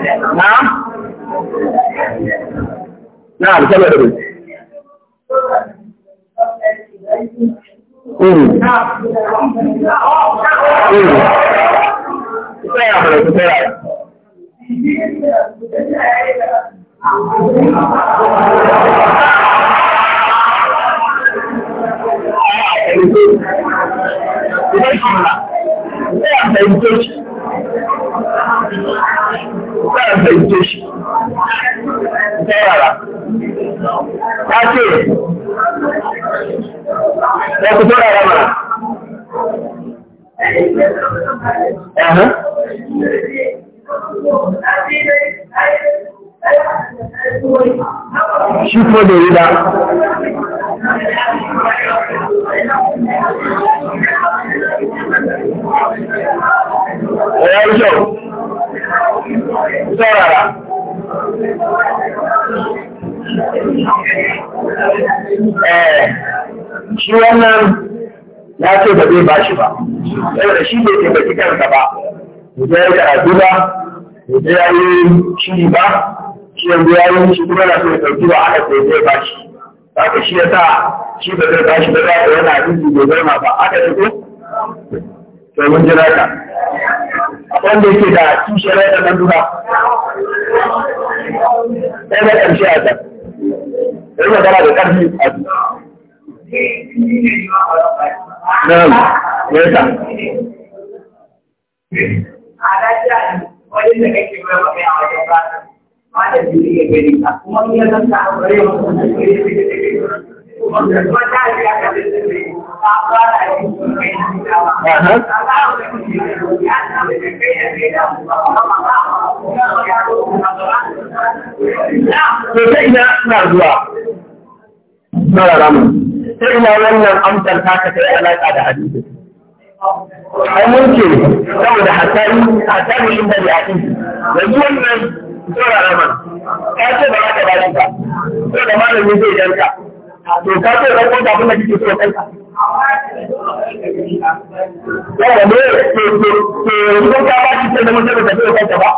نعم نعم كما تقول امم Thank you. za a fahimce shi ta yara ta ya ku tura rama Aha. Shi ko da yi ba. Eh, shi wannan ya ce ba zai bashi ba da shi bai taimaki kansa ba da ya karatu ba da ya yi shiri ba shi yanzu ya yi shi kuma na so ya ba aka sai zai bashi ka shi ya sa shi ba zai bashi ba za ka yana rubu bai zama ba aka ce ko Sai mun jira ka wanda yake da tushen da nan duba ɗaya da ƙarshe a can yi magana da ƙarfi a Na'am, me yasa? wani da kake mai mai a wajen ba ba da jiri ya gani ka kuma ya zanta a wani yau da kuma ta yi ya kasance ta ina suna zuwa mara ramu ta ina wannan amsar ta ka sai alaƙa da hadisi ai mun ce saboda hasari hasari inda da hadisi yanzu wannan mara ramu ka ce ba za ka ba shi ba ko da malamin zai danka to ka ce ba ko abin da kike so kanka Yawa ne ke ke ke rukun ta ba shi ce da mutum da tafiya kanta ba.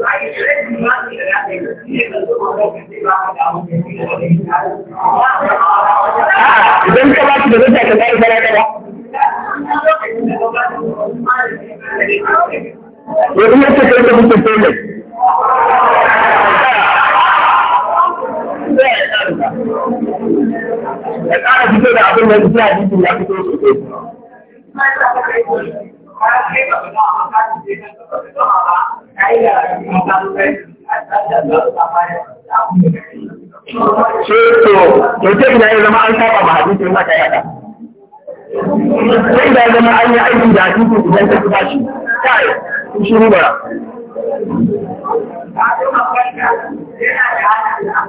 Idan ka ba shi da mutum ka tsari fara ta ba. Ya kuma ce kai da mutum ne. ya ƙara fito da abin da ya fito ya fito sosai. Ceto, yake ina ya zama an saba ma hadisi in aka yada. Sai ina zama an yi aiki da hadisi idan ta ba shi, kai, kun shi rubara. Yana da hana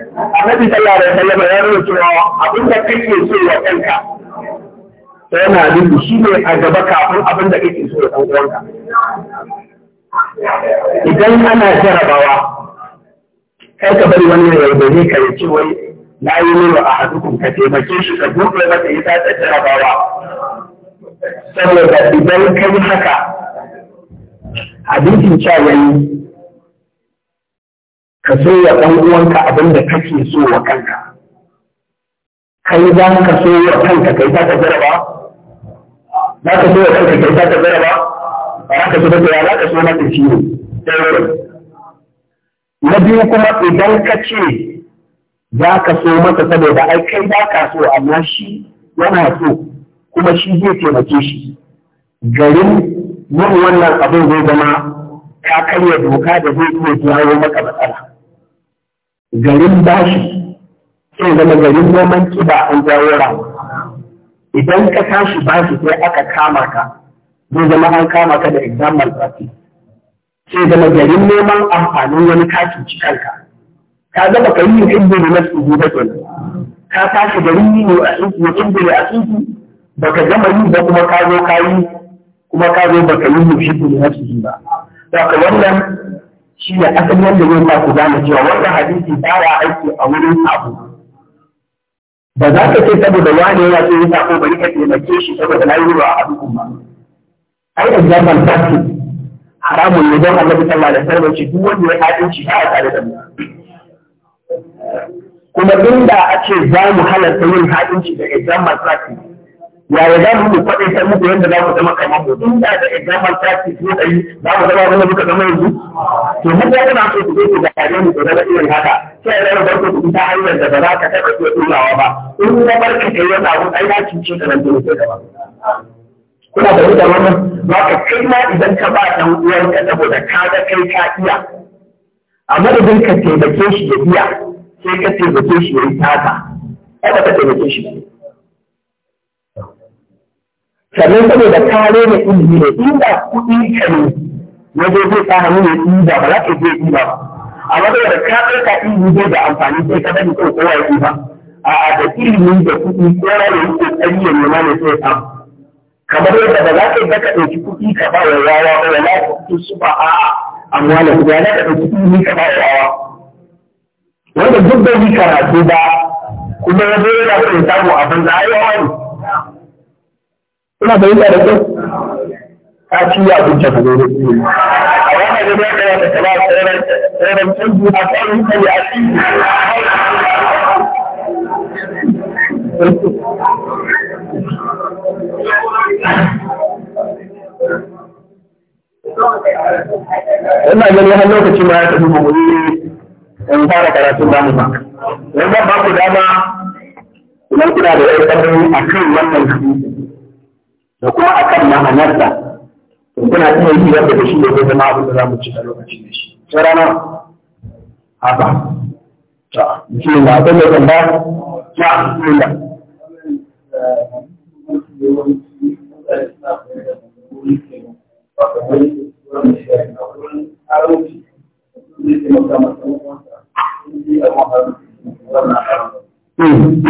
annabi sallallahu alaihi wasallam ya nuna cewa abin da kake so wa kanka to yana dubu shi ne a gaba kafin abin da kake so wa dan uwanka idan ana jarabawa kai ka bari wani ya yarda ka ya ce wai na yi nuna a hadukun ka taimake shi ka gurbe masa ya ta jarabawa saboda idan kai haka abincin ca yayi ka so ya ɗan uwanka abin da kake so wa kanka kai za ka so wa kanka kai ta ka ba? za ka so wa kanka kai ta ka ba? ba za ka so ba za ka so na ka shi na biyu kuma idan ka ce za ka so masa saboda ai kai ba ka so amma shi yana so kuma shi zai taimake shi garin yin wannan abin zai zama ta karya doka da zai iya jawo maka matsala garin bashi sai zama garin noman kiba an jawo rawa idan ka tashi bashi sai aka kama ka zai zama an kama ka da exam malpractice sai zama garin neman amfanin wani kaki ci ka zama ka yi inda ne na tsugu da ka tashi garin yi ne a tsugu inda ne a ba ka gama yi ba kuma ka zo ka yi kuma ka zo ka yi ne shi ne na tsugu ba. Saka wannan shi ne asalin yadda zai sa ku gane cewa wannan hadisi ba aiki a wurin abu ba za ka ce saboda wani yana so ya ba bari ka taimake shi saboda na yi wa abu kuma ai example taxi haramun ne don Allah sallallahu alaihi wasallam duk wanda ya adinci ba ya tare da mu kuma inda a ce za mu halarta yin shi da example taxi yaya za mu kwaɗe ta muku yadda za mu zama kamar mu tun da da example ta ce ko za mu zama wanda muka zama yanzu to mu ga kuna so ku zo da gare mu da da irin haka sai ya zama barka ku ta hanyar da ba za ka taɓa iya turawa ba in ka barka kai wani abu ai na cince ka nan da wuce gaba kuna da wuce wannan ba ka kai ma idan ka ba uwan ka saboda ka ga kai ka iya a madadin ka taimake shi ya iya sai ka taimake shi ya yi taka ba ka taimake shi ba sannan saboda kare da ilimi ne inda kuɗi ka ne wajen zai sa hannu ya ba za ka je ɗiba ba A amma da ka ɗauka ilimi zai da amfani sai ka bani ko kowa ya ba a a da ilimi da kuɗi kowa ya yi tsari ya nema ne sai ka. kamar yadda ba za ka yi ka ɗauki kuɗi ka ba wa yawa ba wala ka kuɗi su ba a amma da kuɗi ya ka ɗauki ilimi ka ba wa yawa wanda duk da yi karatu ba kuma ya zo yana son samu a banza a ne Kuna fahimta da kyau? Ka ci ya kunce ka zo da A wannan ya kamata ka ba canji kare a ciki. Ina ganin har lokaci ma ya tafi mu in fara karatun damu ba. Yanzu ba ku dama idan kuna da ƴan a kan wannan hadisi. da kuma akan ma'anar da kuna iya yi wanda da shi da ko zama abin da za mu ci a lokaci da shi sai rana haka ta mutum da akwai mai zamba ta mutum da Mm.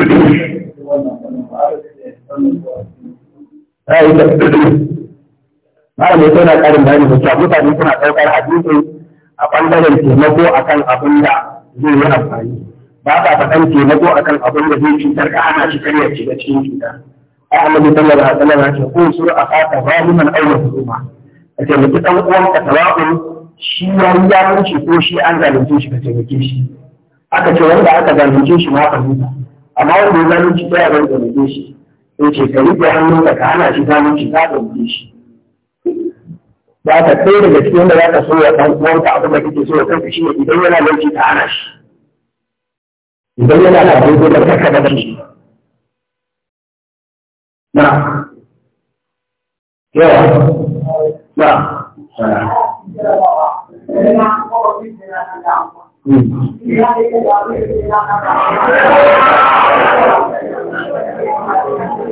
yi ra'ayin malamai yana ƙarin bayani da cewa mutane suna ɗaukar hadisin a ɓangaren taimako kan abin da zai yi amfani ba ka faɗan taimako kan abin da zai cutar ka hana shi karya ce da cikin cuta a annabi sallallahu alaihi wasallam ya ce ko su a fata man aure hukuma ka taimaki ɗan uwan ka tawa'un shi ya yi yaranci ko shi an zalunce shi ka taimake shi aka ce wanda aka zalunce shi ma ka huta amma wanda ya zalunci ta yaran zalunce shi sai ce ka rufe hannunka ka ana shi samun shi ka ɗauke shi ba ka kai daga cikin da za ka so ya ɗan uwanka abin da kake so ya kanka shi ne idan yana lauci ka ana shi idan yana da abin da ka kada shi na yawa na Mm. wannan ya ce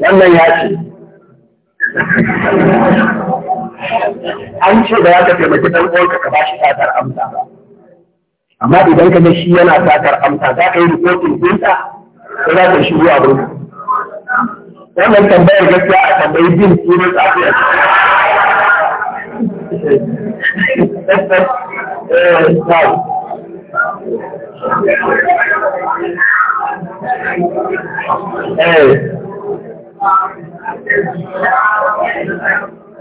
wannan ya ce an ce ba za ka taimaki dan uwanka ka bashi takar amsa ba amma idan ka ga shi yana takar amsa za ka yi rikotin ɗinsa ko za ka shigo abin wannan tambayar gaskiya a tambayi bin turin tsafiya Eh.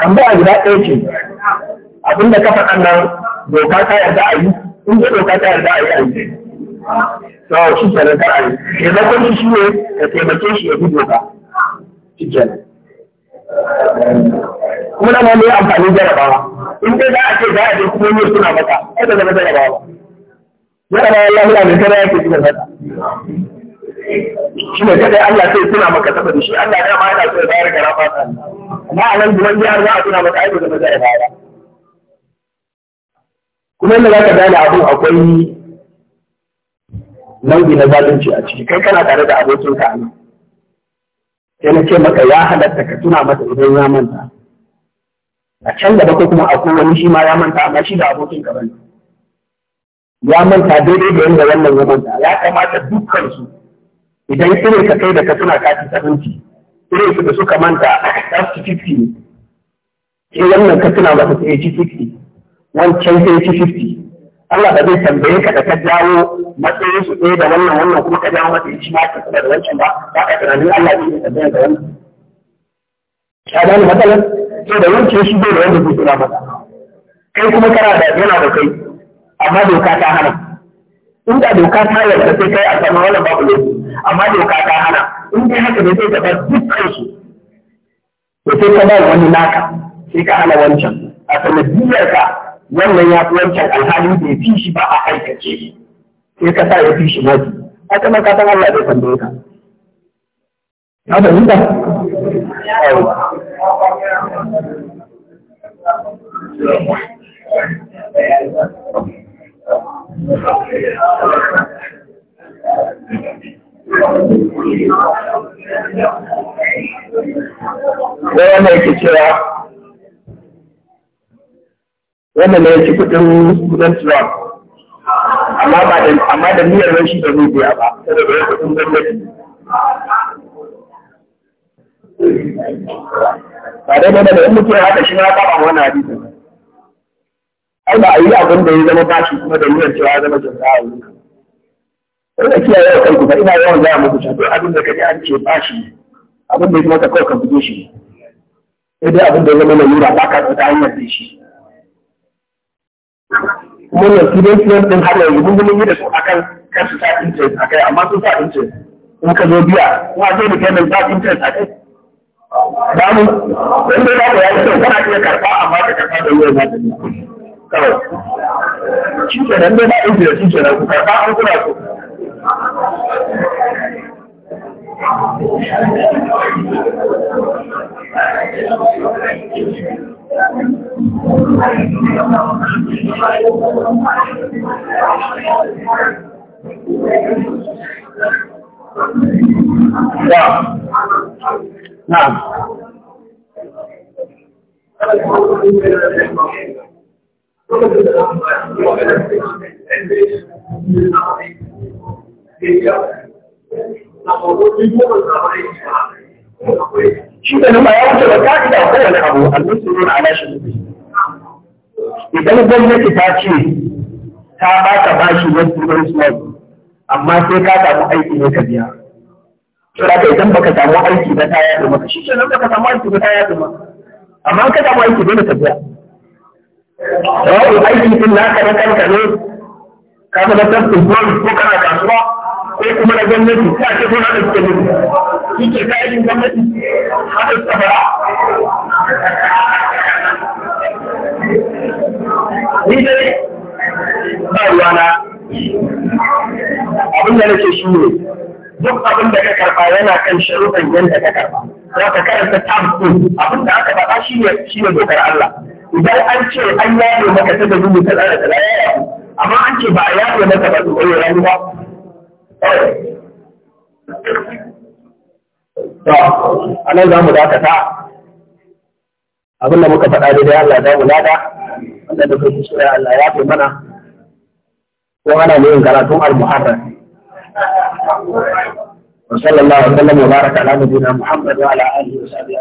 tambaya guda ɗaya ce abinda ka faɗa nan doka ta yarda a yi in ji doka ta yarda a yi a yi to shi kenan kar a yi taimakon shi shi ne ka taimake shi ya bi doka shi kuma na ne amfani jarabawa in dai za a ce za a je kuma yi suna maka ai da zama jarabawa jarabawa Allah ya ne kada yake cikin haka shi ne kadai Allah sai suna maka saboda shi Allah ya ma yana so ya bayar gara fata amma a nan guman jihar za a tuna maka aiki da maza ya bayar kuma yadda za ka gane abu akwai nau'i na zalunci a ciki kai kana tare da abokinka a nan sai na ce maka ya halatta ka tuna masa idan ya manta a can gaba ko kuma akwai wani shi ma ya manta amma shi da abokin ka bane ya manta daidai da yanda wannan ya manta ya kamata dukkan su idan irin ka kai da ka suna kati sabinci irin su da suka manta a su fifty ne sai wannan ka suna masa su eighty fifty wancan sai eighty fifty Allah ba zai tambaye ka da ka jawo matsayin su ɗaya da wannan wannan kuma ka jawo matsayin shi ma ka da wancan ba ba ka tunanin Allah zai tambaye da wannan. Ka gane matsalar? Sai da wancan shi bai da wanda zai tura masa. Kai kuma kana da yana da kai amma doka ta hana. inda doka ta yarda sai kai a sama wani babu ne amma doka ta hana in dai haka ne sai ka bar dukkan su to sai ka ba wani naka sai ka hana wancan a sanadiyar ka wannan ya fi wancan alhali bai fi shi ba a aikace sai ka sa ya fi shi mafi a sama ka san Allah zai tambaye ka ka fahimta Thank you. wannan yake cewa wannan ne ya kudin kudin Trump amma ba da amma da niyyar shi da zai biya ba saboda ya kudin gwamnati ba dai ne da mutum ya haɗa shi na ba ba wannan hadisin ai ba a yi abin da ya zama bashi kuma da niyyar cewa ya zama kyauta a wuri. Wani da kiyaye wa kanku ba ina yawan gaya muku cewa abin da ka ji an ce bashi abin da ya zama ka kawai ka buge shi sai dai abin da ya zama lalura ba ka tsaka hanyar da shi kuma yanzu dai kiyan ɗin har yanzu mun yi da su akan kar su sa a kai, amma sun sa interest in ka zo biya kuma sai da kenan sa interest akai damu wanda za ku yi kyau kana iya karɓa amma ka karɓa da yau za ka kawai shi kenan dai ba aiki da shi kenan ku karɓa an kuna so Yeah. Now. ya wuce ba abu idan gwamnati ta ce ta ba ka bashi wasu ɗan loan amma sai ka samu aiki ne ka biya to ka idan baka samu aiki ba ta yaɗa maka shi ke nan baka samu aiki ba ta yaɗa maka amma ka samu aiki dole ka biya Rawar aiki sun na kanan kanka ne, ka zama ta football ko kana kasuwa ko kuma na gwamnati ta ce suna da suke nufi. Shi ke ta yin gwamnati haɗin tsabara. Ni dai ba na abin da nake shi ne duk abin da ka karɓa yana kan sharuɗan yadda ka karɓa. Za ka karanta tab abin da aka faɗa shi ne dokar Allah. idan an ce an yaye maka ta dubu kaza da kaza ya yafu amma an ce ba a yaye maka ba su koyo rani ba to anan za mu dakata abin da muka faɗa daidai Allah ya mu lada wanda da kai shi Allah ya fi mana ko ana yin karatun al-muharram وصلى الله وسلم وبارك على نبينا محمد وعلى اله وصحبه